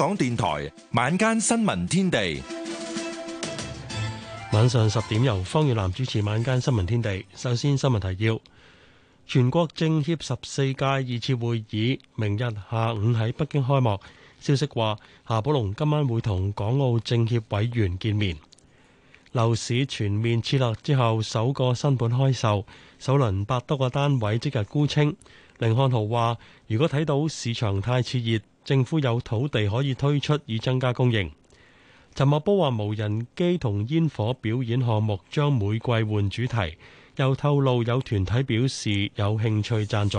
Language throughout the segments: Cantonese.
港電台晚間新聞天地，晚上十點由方月南主持晚間新聞天地。首先新聞提要：全國政協十四屆二次會議明日下午喺北京開幕。消息話，夏寶龍今晚會同港澳政協委員見面。樓市全面撤辣之後，首個新盤開售，首輪百多個單位即日沽清。凌漢豪話：如果睇到市場太熾熱，政府有土地可以推出，以增加供應。陳茂波話：無人機同煙火表演項目將每季換主題，又透露有團體表示有興趣贊助。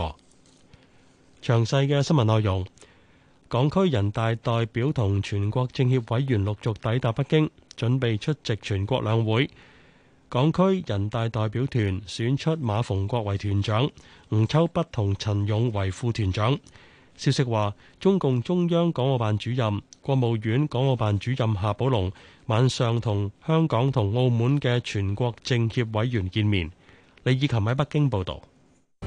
詳細嘅新聞內容，港區人大代表同全國政協委員陸續抵達北京，準備出席全國兩會。港區人大代表團選出馬逢國為團長，吳秋北同陳勇為副團長。消息話，中共中央港澳辦主任、國務院港澳辦主任夏寶龍晚上同香港同澳門嘅全國政協委員見面。李以琴喺北京報導。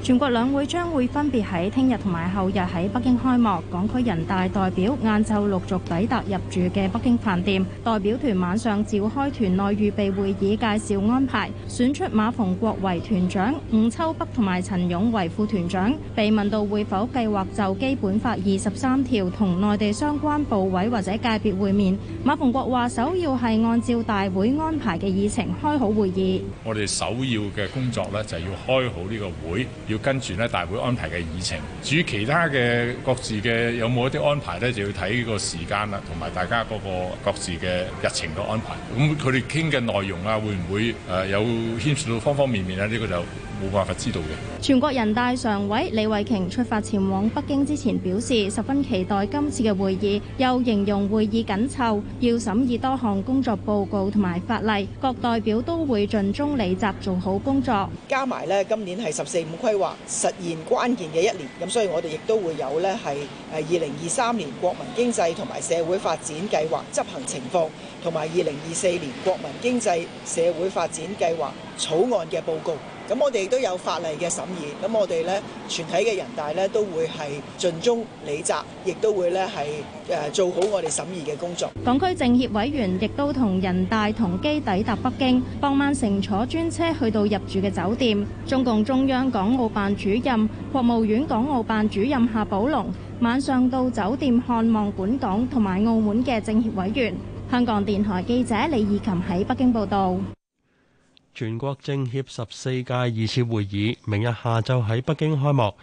全國兩會將會分別喺聽日同埋後日喺北京開幕。港區人大代表晏晝陸續抵達入住嘅北京飯店，代表團晚上召開團內預備會議，介紹安排，選出馬逢國為團長，吳秋北同埋陳勇為副團長。被問到會否計劃就基本法二十三條同內地相關部委或者界別會面，馬逢國話：首要係按照大會安排嘅議程開好會議。我哋首要嘅工作呢，就係要開好呢個會。要跟住咧大會安排嘅議程，至於其他嘅各自嘅有冇一啲安排咧，就要睇個時間啦，同埋大家嗰個各自嘅日程嘅安排。咁佢哋傾嘅內容啊，會唔會誒有牽涉到方方面面咧、啊？呢、這個就～冇辦法知道嘅。全國人大常委李慧瓊出發前往北京之前，表示十分期待今次嘅會議，又形容會議緊湊，要審議多項工作報告同埋法例。各代表都會盡忠理責做好工作。加埋呢今年係十四五規劃實現關鍵嘅一年，咁所以我哋亦都會有咧係誒二零二三年國民經濟同埋社會發展計劃執行情況同埋二零二四年國民經濟社會發展計劃草案嘅報告。咁我哋都有法例嘅審議，咁我哋咧全體嘅人大咧都會係盡忠履責，亦都會咧係誒做好我哋審議嘅工作。港區政協委員亦都同人大同機抵達北京，傍晚乘坐專車去到入住嘅酒店。中共中央港澳辦主任、國務院港澳辦主任夏寶龍晚上到酒店看望本港同埋澳門嘅政協委員。香港電台記者李義琴喺北京報道。全國政協十四屆二次會議明日下晝喺北京開幕，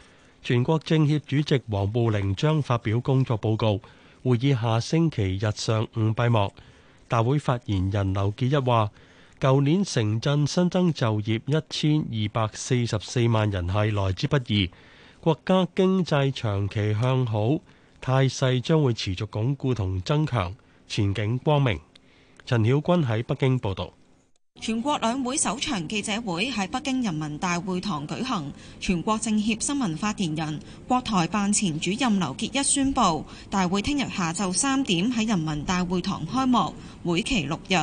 全國政協主席王滬寧將發表工作報告。會議下星期日上午閉幕。大會發言人劉結一話，舊年城鎮新增就業一千二百四十四萬人係來之不易，國家經濟長期向好，態勢將會持續鞏固同增強，前景光明。陳曉君喺北京報道。全國兩會首場記者會喺北京人民大會堂舉行。全國政協新聞發言人、國台辦前主任劉結一宣布，大會聽日下晝三點喺人民大會堂開幕。會期六日，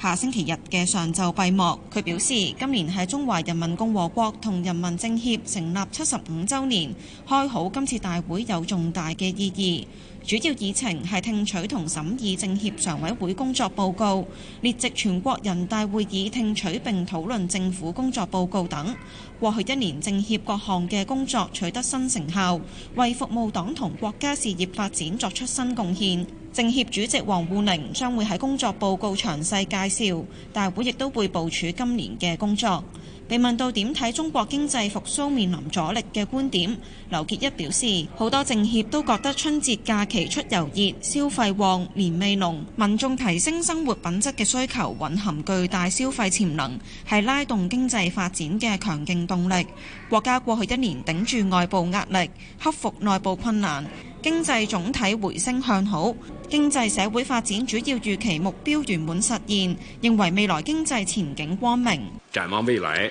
下星期日嘅上晝閉幕。佢表示，今年係中華人民共和國同人民政協成立七十五週年，開好今次大會有重大嘅意義。主要議程係聽取同審議政協常委會工作報告，列席全國人大會議聽取並討論政府工作報告等。過去一年，政協各項嘅工作取得新成效，為服務黨同國家事業發展作出新貢獻。政協主席王滬寧將會喺工作報告詳細介紹，大會亦都會部署今年嘅工作。被問到點睇中國經濟復甦面臨阻力嘅觀點，劉結一表示：好多政協都覺得春節假期出遊熱、消費旺、年味濃，民眾提升生活品質嘅需求，蘊含巨大消費潛能，係拉動經濟發展嘅強勁動力。國家過去一年頂住外部壓力，克服內部困難，經濟總體回升向好，經濟社會發展主要預期目標圓滿實現，認為未來經濟前景光明。展望未來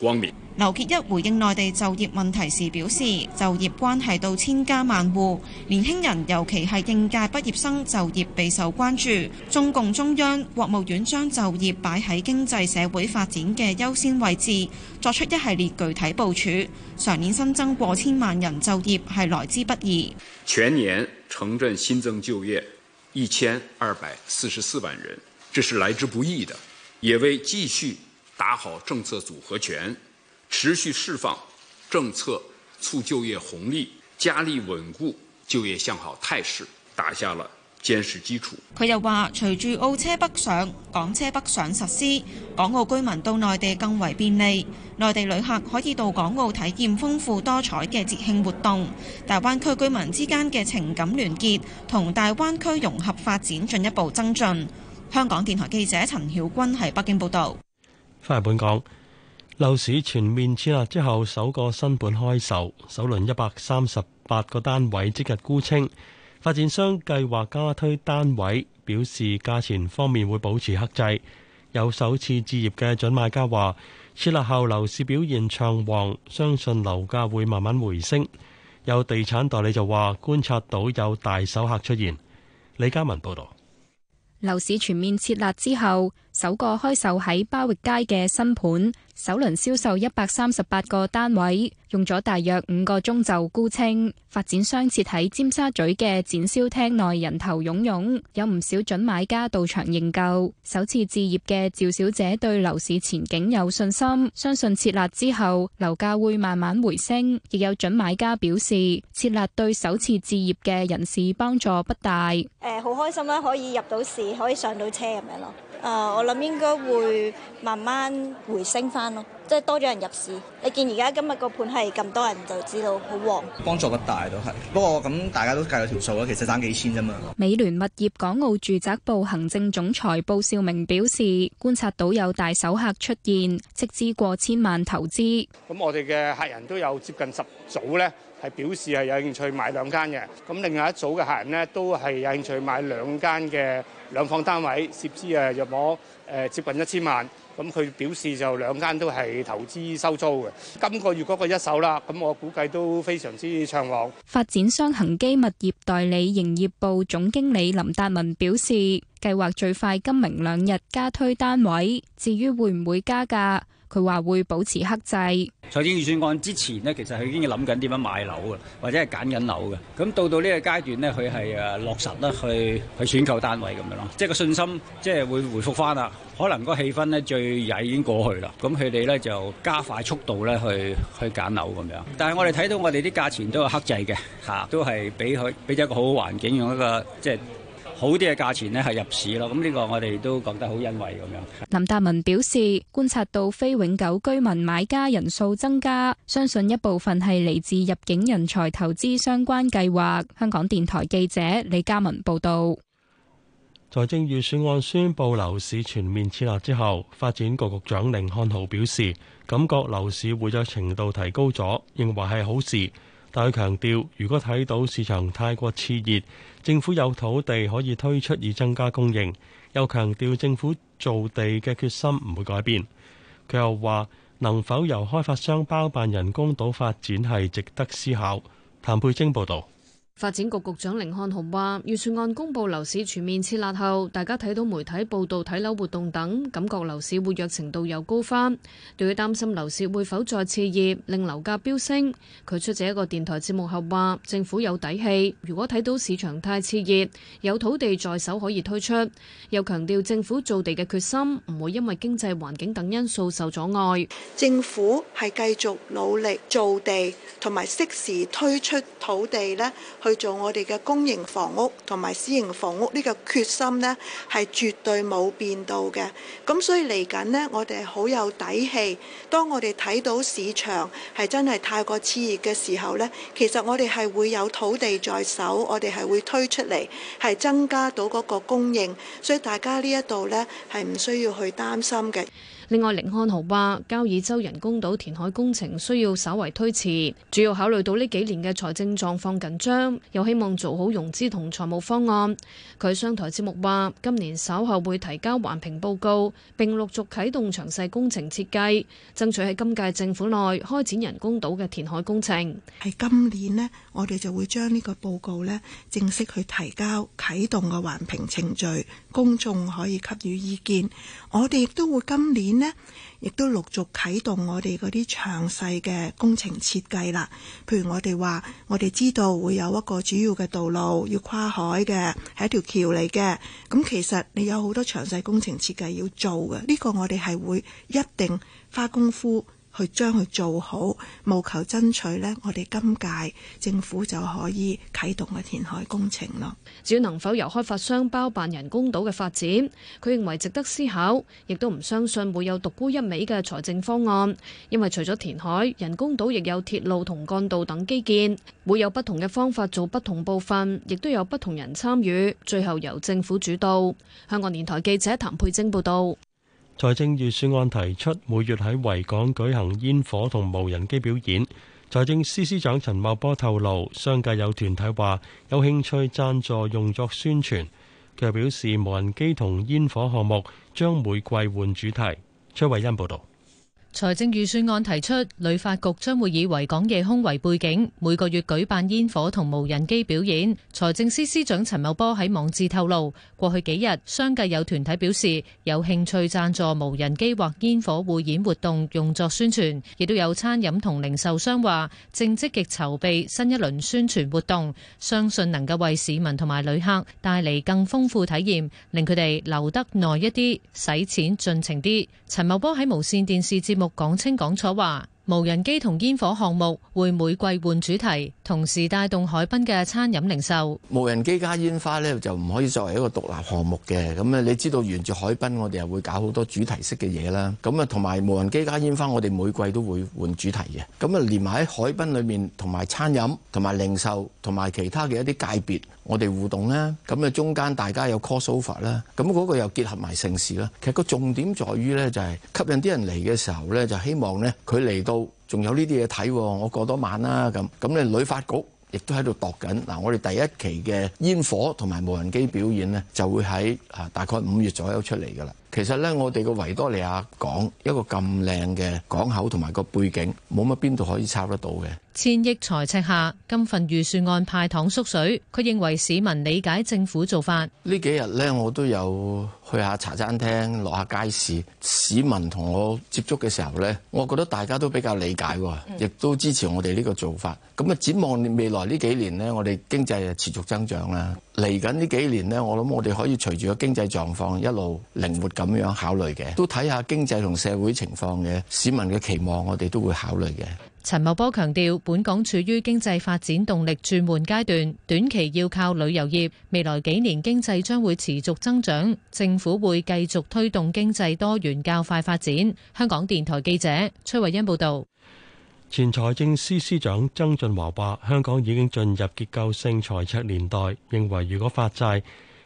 光明。劉杰一回應內地就業問題時表示，就業關係到千家萬戶，年輕人尤其係應屆畢業生就業備受關注。中共中央、國務院將就業擺喺經濟社會發展嘅優先位置，作出一系列具體部署。上年新增過千萬人就業係來之不易。全年城鎮新增就業一千二百四十四萬人，這是來之不易的，也為繼續。打好政策組合拳，持續釋放政策促就業紅利，加力穩固就業向好態勢，打下了堅實基礎。佢又話，隨住澳車北上、港車北上實施，港澳居民到內地更為便利，內地旅客可以到港澳體驗豐富多彩嘅節慶活動，大灣區居民之間嘅情感聯結同大灣區融合發展進一步增進。香港電台記者陳曉君喺北京報道。喺本港，樓市全面撤辣之後首個新盤開售，首輪一百三十八個單位即日沽清。發展商計劃加推單位，表示價錢方面會保持克制。有首次置業嘅準買家話撤辣後樓市表現暢旺，相信樓價會慢慢回升。有地產代理就話觀察到有大手客出現，李嘉文報道。樓市全面撤辣之後，首個開售喺巴域街嘅新盤，首輪銷售一百三十八個單位，用咗大約五個鐘就沽清。發展商設喺尖沙咀嘅展銷廳內人頭湧湧，有唔少準買家到場認購。首次置業嘅趙小姐對樓市前景有信心，相信撤辣之後樓價會慢慢回升。亦有準買家表示，撤辣對首次置業嘅人士幫助不大。誒、呃，好開心啦，可以入到市，可以上到車咁樣咯。誒，我諗應該會慢慢回升翻咯，即係多咗人入市。你見而家今日個盤係咁多人，就知道好旺。幫助不大都係，不過咁大家都計咗條數啦，其實爭幾千啫嘛。美聯物業港澳住宅部行政總裁布少明表示，觀察到有大手客出現，斥資過千萬投資。咁我哋嘅客人都有接近十組咧。係表示係有興趣買兩間嘅，咁另外一組嘅客人呢都係有興趣買兩間嘅兩房單位，涉資啊入夥誒接近一千萬，咁佢表示就兩間都係投資收租嘅。今個月嗰個一手啦，咁我估計都非常之暢旺。發展商恆基物業代理營業部總經理林達文表示，計劃最快今明兩日加推單位，至於會唔會加價？佢話會保持克制。財政預算案之前呢，其實佢已經要諗緊點樣買樓啊，或者係揀緊樓嘅。咁到到呢個階段咧，佢係誒落實咧去去選購單位咁樣咯。即係個信心，即係會回復返啦。可能個氣氛咧最曳已經過去啦。咁佢哋咧就加快速度咧去去揀樓咁樣。但係我哋睇到我哋啲價錢都係克制嘅，嚇都係俾佢俾咗一個好好環境，用一個即係。就是好啲嘅價錢呢，係入市咯。咁呢個我哋都覺得好欣慰咁樣。林達文表示，觀察到非永久居民買家人數增加，相信一部分係嚟自入境人才投資相關計劃，香港電台記者李嘉文報道。財政預算案宣布樓市全面撤辣之後，發展局局長寧漢豪表示，感覺樓市活躍程度提高咗，認為係好事。但佢強調，如果睇到市場太過熾熱，政府有土地可以推出以增加供應。又強調政府造地嘅決心唔會改變。佢又話，能否由開發商包辦人工島發展係值得思考。譚佩晶報導。發展局局長甯漢豪話：預算案公布樓市全面撤辣後，大家睇到媒體報道、睇樓活動等，感覺樓市活躍程度又高翻。對於擔心樓市會否再次熾熱，令樓價飆升，佢出席一個電台節目後話：政府有底氣，如果睇到市場太熾熱，有土地在手可以推出。又強調政府造地嘅決心唔會因為經濟環境等因素受阻礙。政府係繼續努力造地，同埋適時推出土地咧去。去做我哋嘅公營房屋同埋私營房屋呢個決心咧，係絕對冇變到嘅。咁所以嚟緊咧，我哋好有底氣，當我哋睇到市場係真係太過熾熱嘅時候咧，其實我哋係會有土地在手，我哋係會推出嚟，係增加到嗰個供應，所以大家這呢一度咧，係唔需要去擔心嘅。另外，甯漢豪話，交椅洲人工島填海工程需要稍為推遲，主要考慮到呢幾年嘅財政狀況緊張，又希望做好融資同財務方案。佢商台節目話，今年稍後會提交環評報告，並陸續啟動詳細工程設計，爭取喺今屆政府內開展人工島嘅填海工程。喺今年呢，我哋就會將呢個報告呢正式去提交，啟動嘅環評程序。公眾可以給予意見，我哋亦都會今年呢，亦都陸續啟動我哋嗰啲詳細嘅工程設計啦。譬如我哋話，我哋知道會有一個主要嘅道路要跨海嘅，係一條橋嚟嘅。咁其實你有好多詳細工程設計要做嘅，呢個我哋係會一定花功夫。去將佢做好，務求爭取呢。我哋今屆政府就可以啟動嘅填海工程咯。至於能否由開發商包辦人工島嘅發展，佢認為值得思考，亦都唔相信會有獨沽一味嘅財政方案，因為除咗填海，人工島亦有鐵路同幹道等基建，會有不同嘅方法做不同部分，亦都有不同人參與，最後由政府主導。香港電台記者譚佩晶報道。財政預算案提出每月喺維港舉行煙火同無人機表演。財政司司長陳茂波透露，商界有團體話有興趣贊助用作宣傳，佢又表示無人機同煙火項目將每季換主題。崔慧欣報導。財政預算案提出，旅發局將會以維港夜空為背景，每個月舉辦煙火同無人機表演。財政司司長陳茂波喺網誌透露，過去幾日相繼有團體表示有興趣贊助無人機或煙火匯演活動用作宣傳，亦都有餐飲同零售商話正積極籌備新一輪宣傳活動，相信能夠為市民同埋旅客帶嚟更豐富體驗，令佢哋留得耐一啲，使錢盡情啲。陳茂波喺無綫電視節目。目講清講楚話，無人機同煙火項目會每季換主題，同時帶動海濱嘅餐飲零售。無人機加煙花呢，就唔可以作為一個獨立項目嘅，咁你知道沿住海濱我哋又會搞好多主題式嘅嘢啦。咁啊同埋無人機加煙花，我哋每季都會換主題嘅。咁啊連埋喺海濱裏面，同埋餐飲、同埋零售、同埋其他嘅一啲界別。我哋互動啦，咁啊中間大家有 cross over 啦，咁嗰個又結合埋城市啦。其實個重點在於咧、就是，就係吸引啲人嚟嘅時候咧，就希望咧佢嚟到仲有呢啲嘢睇，我過多晚啦。咁咁咧，旅發局亦都喺度度緊。嗱，我哋第一期嘅煙火同埋無人機表演咧，就會喺啊大概五月左右出嚟噶啦。其實咧，我哋個維多利亞港一個咁靚嘅港口同埋個背景，冇乜邊度可以抄得到嘅。千億財赤下，今份預算案派糖縮水，佢認為市民理解政府做法。幾呢幾日咧，我都有去一下茶餐廳，落下，下街市。市民同我接觸嘅時候咧，我覺得大家都比較理解，亦都支持我哋呢個做法。咁啊，展望未來呢幾年呢，我哋經濟持續增長啦。嚟緊呢幾年，我諗我哋可以隨住個經濟狀況一路靈活咁樣考慮嘅，都睇下經濟同社會情況嘅市民嘅期望，我哋都會考慮嘅。陳茂波強調，本港處於經濟發展動力轉換階段，短期要靠旅遊業，未來幾年經濟將會持續增長，政府會繼續推動經濟多元較快發展。香港電台記者崔慧欣報道。前財政司司長曾俊華話：香港已經進入結構性財赤年代，認為如果發債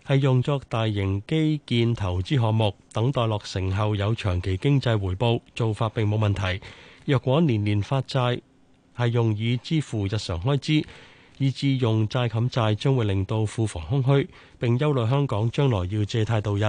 係用作大型基建投資項目，等待落成後有長期經濟回報，做法並冇問題。若果年年發債係用以支付日常開支，以致用債冚債，將會令到庫房空虛，並憂慮香港將來要借貸度日。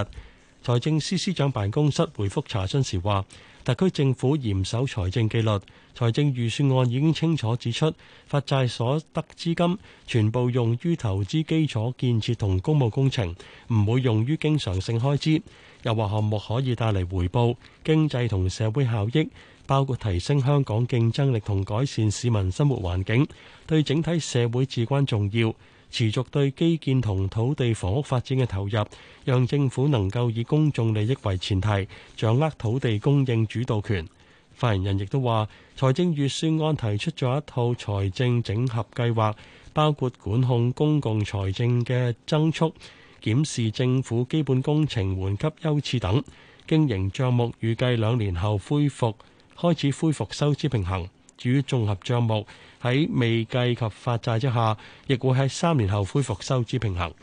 財政司司長辦公室回覆查詢時話：特區政府嚴守財政紀律。財政預算案已經清楚指出，發債所得資金全部用於投資基礎建設同公務工程，唔會用於經常性開支。又話項目可以帶嚟回報、經濟同社會效益，包括提升香港競爭力同改善市民生活環境，對整體社會至關重要。持續對基建同土地房屋發展嘅投入，讓政府能夠以公眾利益為前提，掌握土地供應主導權。發言人亦都話，財政預算案提出咗一套財政整合計劃，包括管控公共財政嘅增速、檢視政府基本工程緩急優次等經營帳目，預計兩年後恢復開始恢復收支平衡。至於綜合帳目喺未計及發債之下，亦會喺三年後恢復收支平衡。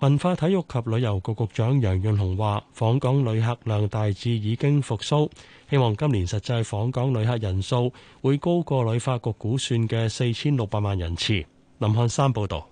文化體育及旅遊局局長楊潤雄話，訪港旅客量大致已經復甦，希望今年實際訪港旅客人數會高過旅發局估算嘅四千六百萬人次。林漢山報導。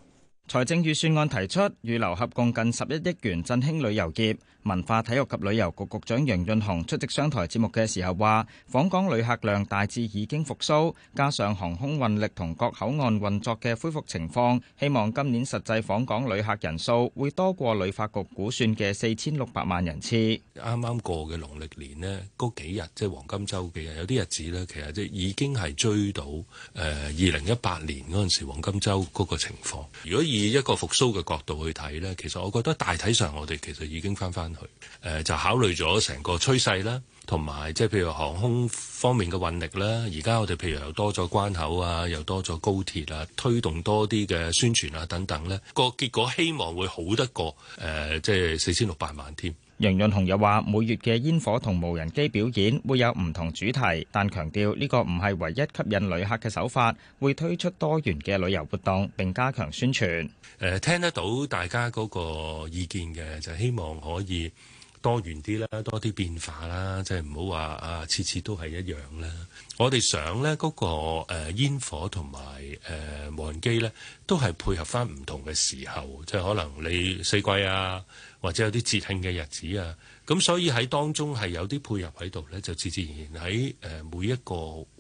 財政預算案提出預留合共近十一億元振興旅遊業。文化體育及旅遊局局長楊潤雄出席商台節目嘅時候話，訪港旅客量大致已經復甦，加上航空運力同各口岸運作嘅恢復情況，希望今年實際訪港旅客人數會多過旅發局估算嘅四千六百萬人次。啱啱過嘅農曆年呢，嗰幾日即係黃金週嘅幾日，有啲日子呢，其實即係已經係追到誒二零一八年嗰陣時黃金週嗰個情況。如果以以一個復蘇嘅角度去睇呢，其實我覺得大體上我哋其實已經翻翻去，誒就考慮咗成個趨勢啦，同埋即係譬如航空方面嘅運力啦，而家我哋譬如又多咗關口啊，又多咗高鐵啊，推動多啲嘅宣傳啊等等呢個結果希望會好得過誒，即係四千六百萬添。楊潤雄又話：每月嘅煙火同無人機表演會有唔同主題，但強調呢個唔係唯一吸引旅客嘅手法，會推出多元嘅旅遊活動，並加強宣傳。誒，聽得到大家嗰個意見嘅，就希望可以多元啲啦，多啲變化啦，即係唔好話啊，次次都係一樣啦。我哋想呢，嗰個誒煙火同埋誒無人機呢，都係配合返唔同嘅時候，即係可能你四季啊。或者有啲節慶嘅日子啊，咁所以喺當中係有啲配合喺度呢就自自然然喺誒每一個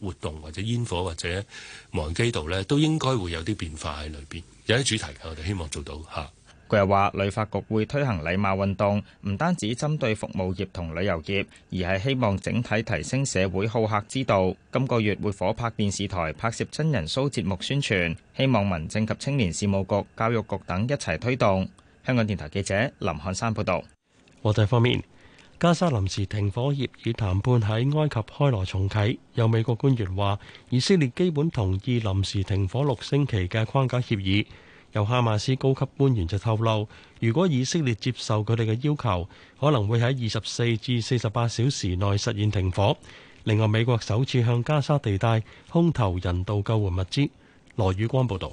活動或者煙火或者無人機度呢，都應該會有啲變化喺裏面。有啲主題、啊、我哋希望做到嚇。佢又話，旅發局會推行禮貌運動，唔單止針對服務業同旅遊業，而係希望整體提升社會好客之道。今個月會夥拍電視台拍攝真人 show 節目宣傳，希望民政及青年事務局、教育局等一齊推動。香港電台記者林漢山報道。國際方面，加沙臨時停火協議談判喺埃及開羅重啟。有美國官員話，以色列基本同意臨時停火六星期嘅框架協議。由哈馬斯高級官員就透露，如果以色列接受佢哋嘅要求，可能會喺二十四至四十八小時內實現停火。另外，美國首次向加沙地帶空投人道救援物資。羅宇光報道。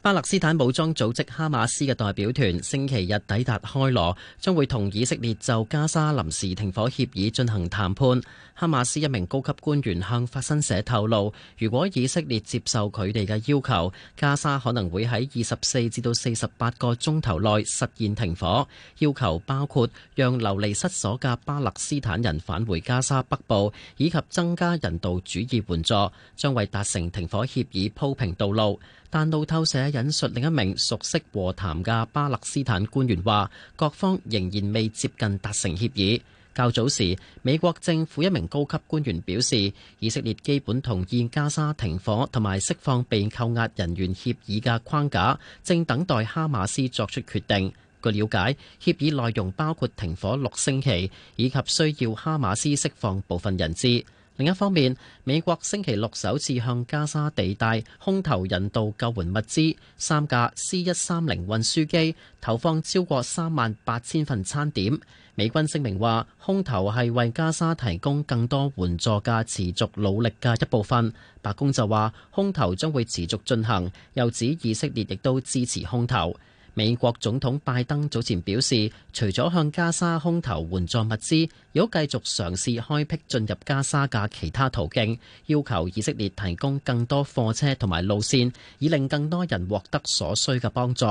巴勒斯坦武裝組織哈馬斯嘅代表團星期日抵達開羅，將會同以色列就加沙臨時停火協議進行談判。哈馬斯一名高級官員向法新社透露，如果以色列接受佢哋嘅要求，加沙可能會喺二十四至到四十八個鐘頭內實現停火，要求包括讓流離失所嘅巴勒斯坦人返回加沙北部，以及增加人道主義援助，將為達成停火協議鋪平道路。但路透社引述另一名熟悉和談嘅巴勒斯坦官員話：各方仍然未接近達成協議。較早時，美國政府一名高級官員表示，以色列基本同意加沙停火同埋釋放被扣押人員協議嘅框架，正等待哈馬斯作出決定。據了解，協議內容包括停火六星期，以及需要哈馬斯釋放部分人質。另一方面，美國星期六首次向加沙地帶空投人道救援物資，三架 C 一三零運輸機投放超過三萬八千份餐點。美軍聲明話，空投係為加沙提供更多援助嘅持續努力嘅一部分。白宮就話，空投將會持續進行，又指以色列亦都支持空投。美國總統拜登早前表示，除咗向加沙空投援助物資，如果繼續嘗試開闢進入加沙嘅其他途徑，要求以色列提供更多貨車同埋路線，以令更多人獲得所需嘅幫助。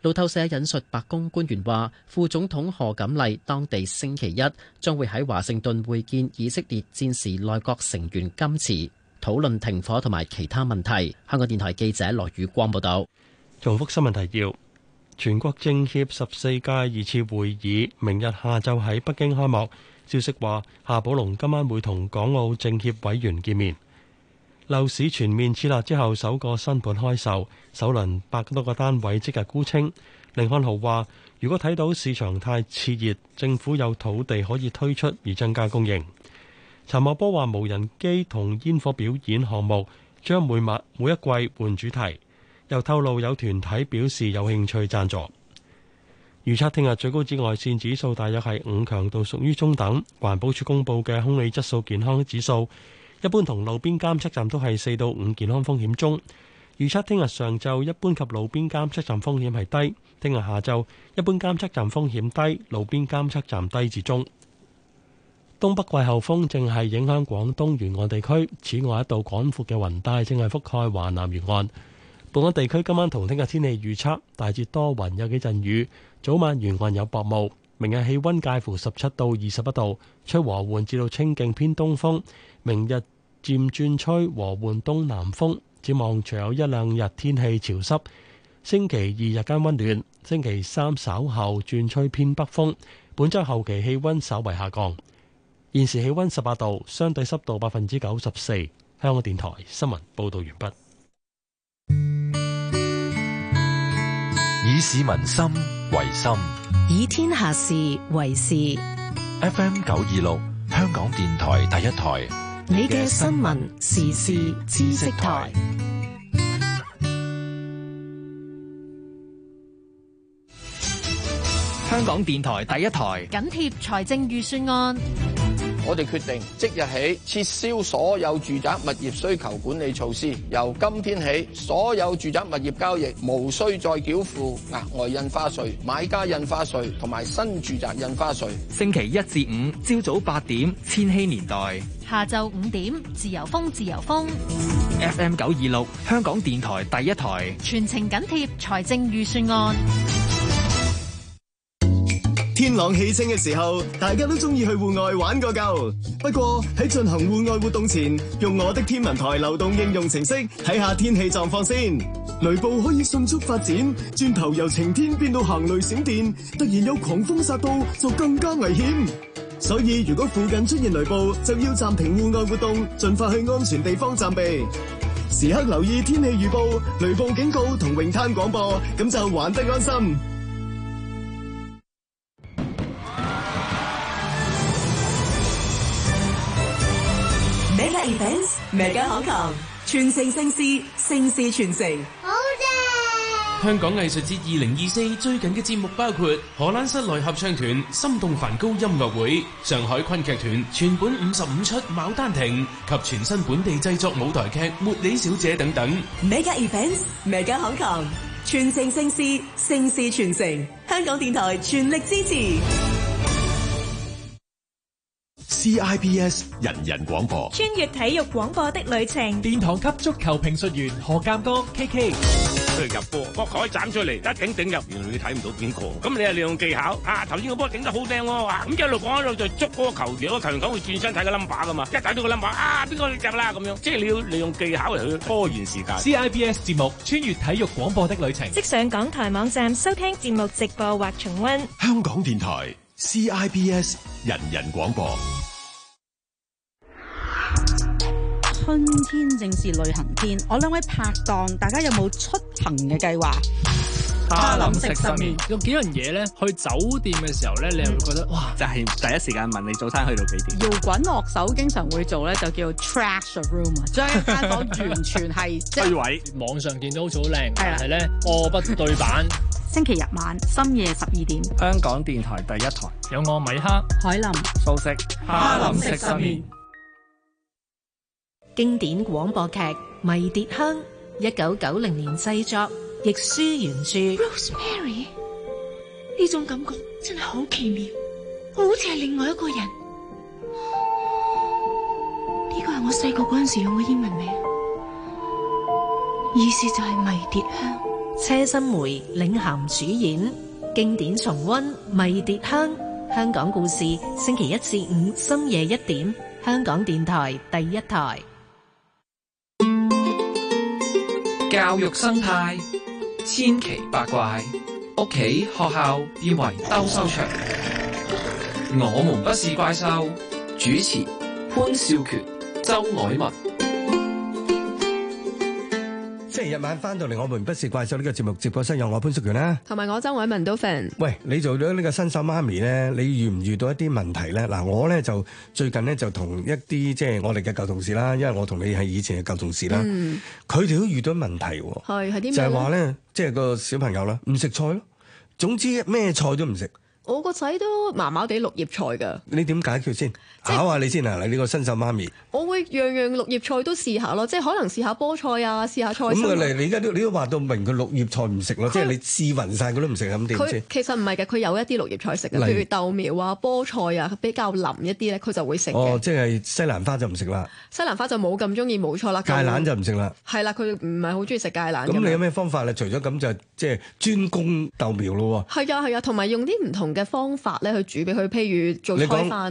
路透社引述白宮官員話，副總統賀錦麗當地星期一將會喺華盛頓會見以色列戰時內閣成員金池，討論停火同埋其他問題。香港電台記者羅宇光報道。重複新聞提要。全國政協十四屆二次會議明日下晝喺北京開幕。消息話，夏寶龍今晚會同港澳政協委員見面。樓市全面撤辣之後首個新盤開售，首輪百多個單位即日沽清。寧漢豪話：如果睇到市場太熾熱，政府有土地可以推出而增加供應。陳茂波話：無人機同煙火表演項目將每晚每一季換主題。又透露有團體表示有興趣贊助預測，聽日最高紫外線指數大約係五強度，屬於中等。環保署公布嘅空氣質素健康指數一般同路邊監測站都係四到五健康風險中。預測聽日上晝一般及路邊監測站風險係低，聽日下晝一般監測站風險低，路邊監測站低至中。東北季候風正係影響廣東沿岸地區，此外一道廣闊嘅雲帶正係覆蓋華南沿岸。本港地區今晚同聽日天氣預測，大致多雲有幾陣雨，早晚沿岸有薄霧。明日氣溫介乎十七到二十一度，吹和緩至到清勁偏東風。明日漸轉吹和緩東南風。展望隨有一兩日天氣潮濕，星期二日間溫暖，星期三稍後轉吹偏北風。本周後期氣溫稍為下降。現時氣溫十八度，相對濕度百分之九十四。香港電台新聞報道完畢。以市民心為心，以天下事為事。FM 九二六，香港電台第一台。你嘅新聞時事知識台，香港電台第一台，緊貼財政預算案。我哋決定即日起撤銷所有住宅物業需求管理措施。由今天起，所有住宅物業交易無需再繳付額外印花稅、買家印花稅同埋新住宅印花稅。星期一至五朝早八點《千禧年代》，下晝五點《自由風》，自由風 FM 九二六，香港電台第一台，全程緊貼財政預算案。天朗氣清嘅時候，大家都中意去戶外玩個夠。不過喺進行戶外活動前，用我的天文台流動應用程式睇下天氣狀況先。雷暴可以迅速發展，轉頭由晴天變到行雷閃電，突然有狂風殺到，就更加危險。所以如果附近出現雷暴，就要暫停戶外活動，盡快去安全地方暫避。時刻留意天氣預報、雷暴警告同泳灘廣播，咁就玩得安心。Mega Hong Kong, 全城盛事，盛事傳承。好正棒！香港藝術節二零二四最近嘅節目包括荷蘭室內合唱團《心動梵高》音樂會、上海昆劇團全本五十五出《牡丹亭》，及全新本地製作舞台劇《茉莉小姐》等等。Mega events，Mega Hong Kong，全城盛事，盛事傳承。香港電台全力支持。CIBS 人人廣播，穿越體育廣播的旅程。殿堂級足球評述員何鑑江 KK，入波波可以斬出嚟，一頂頂入，原來你睇唔到邊個。咁你又利用技巧啊？頭先個波頂得好正喎，咁一路講一路就捉嗰個球，如果球員講會轉身睇個 number 噶嘛，一睇到個 number 啊，邊個要入啦咁樣？即係你要利用技巧嚟去拖延時間。CIBS 節目《穿越體育廣播的旅程》，即上港台網站收聽節目直播或重溫。香港電台 CIBS 人人廣播。春天正是旅行天，我兩位拍檔，大家有冇出行嘅計劃？哈林食十面，有幾樣嘢咧？去酒店嘅時候咧，你又會覺得哇！就係第一時間問你早餐去到幾點？搖滾樂手經常會做咧，就叫 trash room，張香港完全係虛偽。網上見到好似好靚，係咧，貨不對板。星期日晚深夜十二點，香港電台第一台，有我米克、海林、素食哈林食十面。經典廣播劇《迷迭香》，一九九零年製作，亦舒原著。Rosemary，呢種感覺真係好奇妙，好似係另外一個人。呢個係我細個嗰陣時用嘅英文名，意思就係迷迭香。車心梅領銜主演，經典重溫《迷迭香》。香港故事，星期一至五深夜一點，香港電台第一台。教育生態千奇百怪，屋企、學校變為鬥獸場，我們不是怪獸，主持潘少權、周凱文。夜晚翻到嚟，我們不是怪獸呢，這個節目接播室由我潘叔權啦，同埋我周偉文都 fan 喂。你做咗呢個新手媽咪咧，你遇唔遇到一啲問題咧？嗱，我咧就最近咧就同一啲即係我哋嘅舊同事啦，因為我同你係以前嘅舊同事啦，佢哋，嗯、都遇到問題，係係啲就係話咧，即係個小朋友啦，唔食菜咯，總之咩菜都唔食。我個仔都麻麻地綠葉菜㗎。你點解決先？考即下你先啊！你呢個新手媽咪。我會樣樣綠葉菜都試下咯，即係可能試下菠菜啊，試下菜心啊。咁你而家都你都話到明，佢綠葉菜唔食咯，他即係你試勻晒，佢都唔食咁點先？其實唔係嘅，佢有一啲綠葉菜食嘅，譬如豆苗啊、菠菜啊，比較腍一啲咧，佢就會食哦，即係西蘭花就唔食啦。西蘭花就冇咁中意，冇錯啦。芥蘭就唔食啦。係啦，佢唔係好中意食芥蘭。咁你有咩方法咧？除咗咁就即係專攻豆苗咯喎。係啊，係啊，同埋用啲唔同嘅方法咧，去煮俾佢，譬如做菜飯。